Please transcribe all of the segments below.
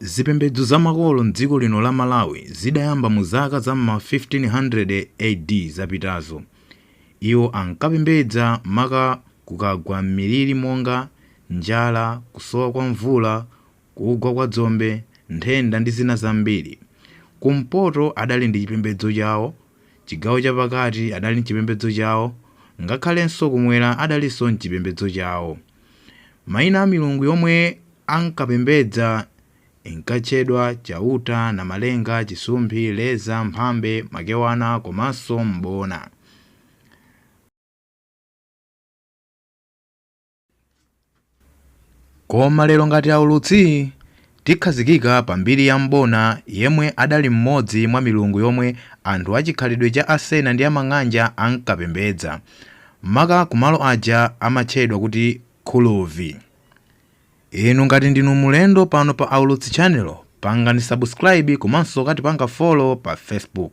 zipembedzo za makolo mdziko lino la malawi zidayamba mu zaka za ma 1500 ad zapitazo iwo ankapembedza maka kukagwa m'miliri monga njala kusowa kwa mvula kugwa kwa dzombe nthenda ndi zina zambiri kumpoto adali ndi chipembedzo chawo chigawo chapakati adali m'chipembedzo chipembedzo chawo ngakhalenso kumwera adalinso mchipembedzo chawo maina a milungu yomwe ankapembedza inkatchedwa Chauta na Malenga, Chisumphi, Leza, Mphambe, Makewana komanso M'bona. Koma lero ngati aulutsi tikhazikika pambiri ya M'bona yemwe adali mmodzi mwa milungu yomwe anthu achikhalidwe cha Asena ndi amang'anja ankapembedza, maka kumalo aja amatchedwa kuti Khuluvi. inu ngati ndinu mulendo pano pa aulutsi channel pangani subscribe komanso kati panga follow pa facebook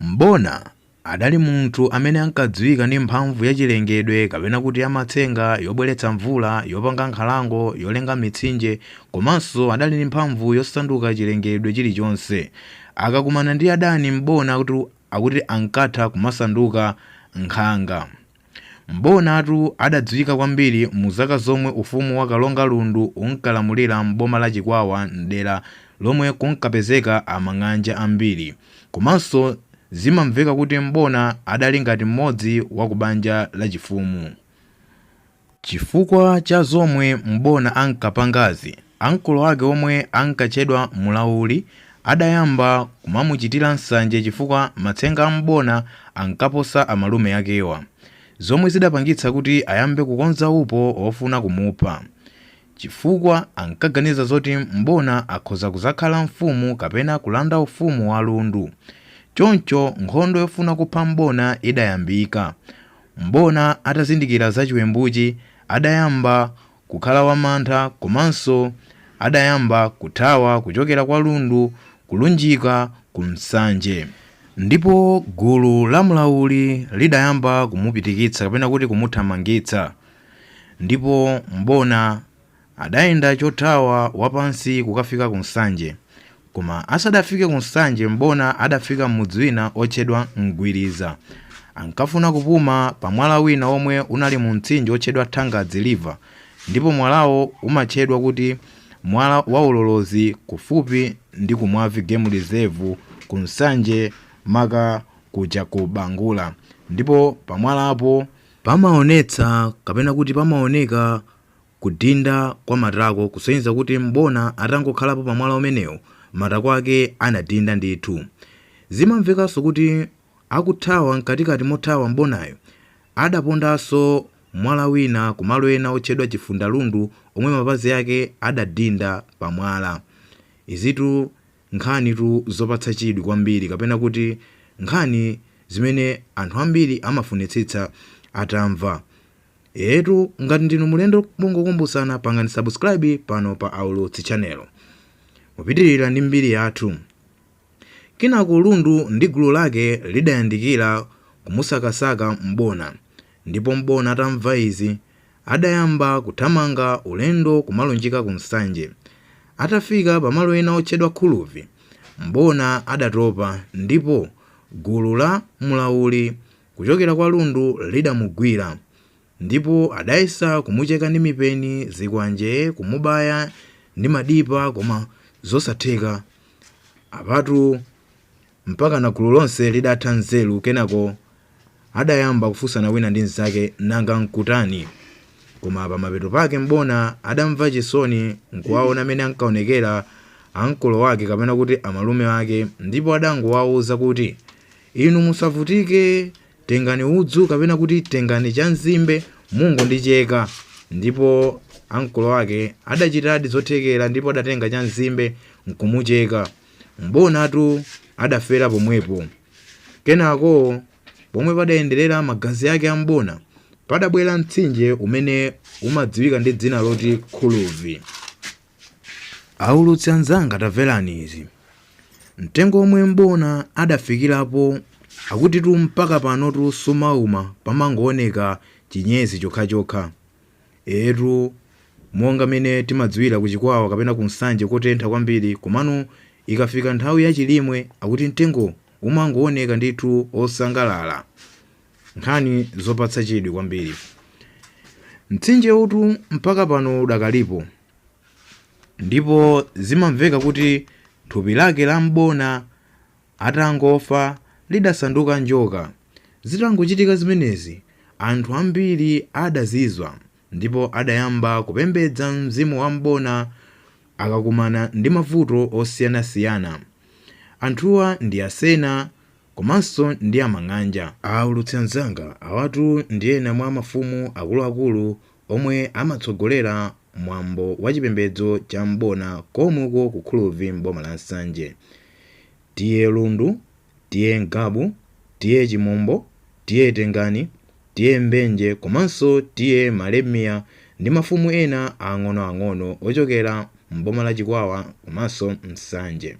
mbona adali munthu amene ankadziwika ndi mphamvu ya chilengedwe kapena kuti amatsenga yobweretsa mvula yopanga nkhalango yolenga mitsinje komanso adali ndi mphamvu yosanduka chilengedwe chilichonse akakumana ndi adani mbona akuti ankatha kumasanduka nkhanga mbonatu adadziwika kwambiri muzaka zomwe ufumu wa kalonga lundu unkalamulira m'boma la chikwawa mdera lomwe kunkapezeka amang'anja ambiri komanso zimamveka kuti mbona adali ngati mmodzi wa kubanja la chifumu chifukwa cha zomwe mbona ankapangazi ankulo ake omwe ankatchedwa mulauli adayamba kumamuchitira nsanje chifukwa matsenga mbona ankaposa amalume akewa zomwe zidapangitsa kuti ayambe kukonza upo ofuna kumupha chifukwa ankaganiza zoti mbona akhoza kuzakhala mfumu kapena kulanda ufumu wa lundu choncho nkhondo yofuna kupha mbona idayambika mbona atazindikira za chiwembuchi adayamba kukhala wamantha komanso adayamba kuthawa kuchokera kwa lundu kulunjika ku msanje ndipo gulu la mlauli lidayamba kumupitikitsa kapena kuti kumuthamangitsa ndipo mbona adayenda chothawa wapansi kukafika ku nsanje koma asadafike ku nsanje mbona adafika m'mudzi wina otchedwa mgwiriza ankafuna kupuma pa mwala wina omwe unali mu mtsinje otchedwa thangadzi liva ndipo mwalawo umatchedwa kuti mwala wa ulolozi kufupi ndi kumwavi game reserve ku nsanje maka kuja ku bangula ndipo pamwalapo pamaonetsa kapena kuti pamaoneka kudinda kwa matako kusonyeza kuti mbona atangokhalapo pamwala umenewo matako ake anadinda ndithu zimamvekanso kuti akuthawa mkatikati mothawa mbonayo adapondanso mwala wina kumalo ena otchedwa chifundalundu omwe mapazi ake adadinda pamwala izitu nkhanitu zopatsa chidwi kwambiri kapena kuti nkhani zimene anthu ambiri amafunitsitsa atamva etu ngati ndinu mulendo mungokumbutsana pangani subscribe pano pa aulutsi chanelo kupitirira ndi mbiri yathu kinaku lundu ndi gulu lake lidayandikira kumusakasaka mbona ndipo mbona atamva izi adayamba kuthamanga ulendo kumalunjika ku nsanje Atafika pamalo ena otchedwa khuluvi mbona adatopa ndipo gulu la mlauli kuchokera kwa lundu lidamugwira ndipo adayesa kumucheka ndi mipeni, zikwanje, kumubaya ndi madipa koma zosatheka apatu mpaka na gulu lonse lidatha nzeru kenako adayamba kufunsana wina ndi mzake nanga nkutani koma pamapeto pake mbona adamva chisoni nkuwaona amene ankaonekera amkolo wake kapena kuti amalume ake ndipo adangowawuza kuti inu musavutike tengani udzu kapena kuti tengani chanzimbe mungondicheka ndipo ankolo wake adachitadi zothekera ndipo adatenga chanzimbe nkumucheka mbonatu adafera pomwepo kenako pomwe padayenderera magazi ake ambona padabwera mtsinje umene umadziwika ndi dzina loti khuluvi aulutsi anzanga tamverani izi mtengo omwe mbona adafikirapo akutitu mpaka pano tusumauma pamangooneka chinyezi chokhachokha etu monga mene timadziwira kuchikwawa kapena ku kotentha kwambiri komano ikafika nthawi yachilimwe akuti mtengo umangooneka ndithu osangalala nkhani zopatsa chidwi kwambiri mtsinje utu mpaka pano udakalipo. ndipo zimamveka kuti thupi lake la mbona atangofa lidasanduka njoka zitangochitika zimenezi anthu ambiri adazizwa ndipo adayamba kupembedza mzimu wa mbona akakumana ndi mavuto osiyanasiyana anthuwa ndi asena komanso ndi amang'anja awu awatu ndi ena mwa mafumu akuluakulu omwe amatsogolera mwambo wa chipembedzo cha m'bona komweko ku khuluvi m'boma la nsanje tiye lundu tiye mgabu tiye chimombo tiye tengani tiye mbenje komanso tiye malemiya ndi mafumu ena ang'onoang'ono ochokera m'boma la chikwawa komanso msanje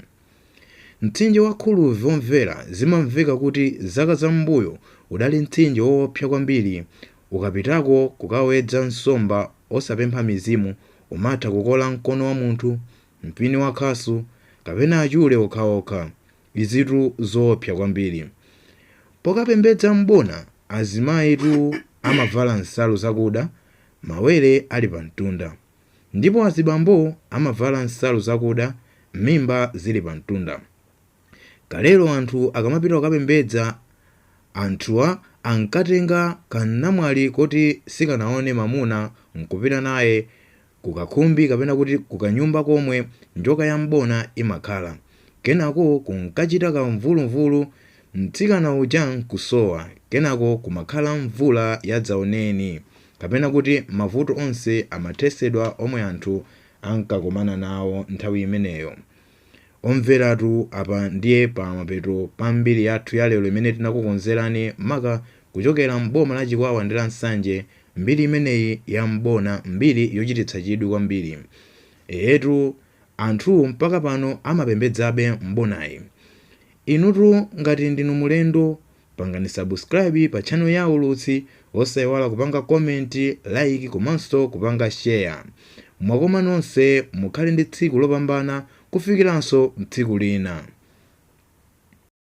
mtsinje wa khuluvi womvera zimamveka kuti zaka zam'mbuyo udali mtsinje woopsa kwambiri ukapitako kukawedza nsomba osapempha mizimu umatha kukola mkono wa munthu mpini wakhasu kapena achule okhaokha izitu zoopsa kwambiri pokapembedza m'bona azimayitu amavala nsalu zakuda mawere ali pamtunda ndipo azibambo amavala nsalu zakuda mimba zili pamtunda kalero anthu akamapita kukapembedza anthuwa ankatenga kannamwali koti sikanaone mamuna nkupita naye kukakhumbi kapena kuti kukanyumba komwe njoka ya m'bona imakhala kenako kunkachita kamvulumvulu mtsikana uja nkusowa kenako kumakhala mvula yadzaoneni kapena kuti mavuto onse amathesedwa omwe anthu ankakomana nawo nthawi imeneyo omveratu apa ndiye pamapeto pambiri yathu ya imene tinakukonzerani maka kuchokera m'boma la chikwawa ndi la mbiri imeneyi yam'bona mbiri yochititsa chidwi kwambiri eyetu anthuwo mpaka pano amapembedzabe m'bonayi inutu ngati ndinu mulendo pangani subscribe pa channel ya ulutsi wosayiwala kupanga komenti like komanso kupanga share mwakoma nonse mukhale ndi tsiku lopambana kufikiranso mtsikulina